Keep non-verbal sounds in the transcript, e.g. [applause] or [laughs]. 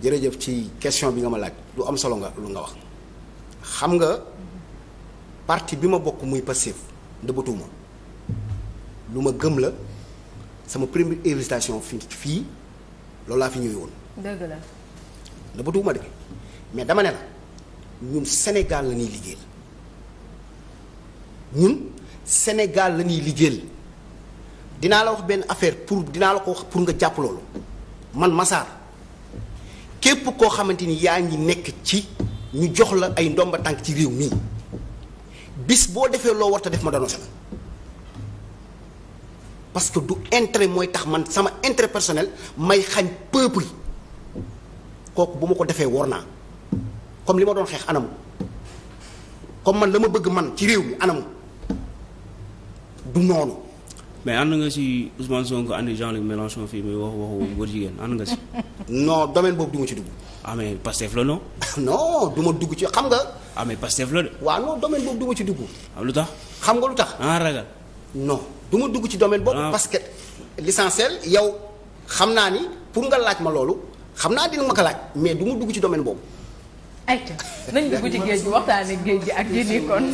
jërëjëf ci question bi nga ma laaj lu am solo nga lu nga wax xam nga parti bi ma bokk muy passif ndëbatuwuma lu ma gëm la sama première invitation fi fii loolu laa fi ñëwee woon. dëgg de mais dama ne la ñun Sénégal la ñuy liggéeyal ñun Sénégal la ñuy liggéeyal dinaa la wax benn affaire pour dinaa la ko wax pour nga jàpp loolu man Massar. képp koo xamante ni yaa ngi nekk ci ñu jox la ay ndomba tànk ci réew mii bis boo defee loo warta def ma doon la parce que du intérêt mooy tax man sama intérêt personnel may xañ peuple kooku bu ma ko defee wor naa comme li ma doon xeex anamu comme man la ma bëgg man ci réew mi anamu du noonu. mais ànd nga si Ousmane Sonko andi Jean-Luc Mélenchon fii muy wax waxu góor jigéen ànd nga si. non domaine boobu du ma ci dugg. ah mais Pastef la non. [laughs] non du ma dugg ci xam nga. ah mais Pastef la de. waaw non domaine boobu du ma ah, lu tax. xam nga lu tax. ah ragal. non du ma dugg ci domaine boobu. Ah. parce que l'essentiel yow xam naa ni pour nga laaj ma loolu xam naa dina ma ko laaj mais du ma dugg ci domaine boobu. ayca nañ dugg ci géej gi waxtaanee géej gi ak yi kon.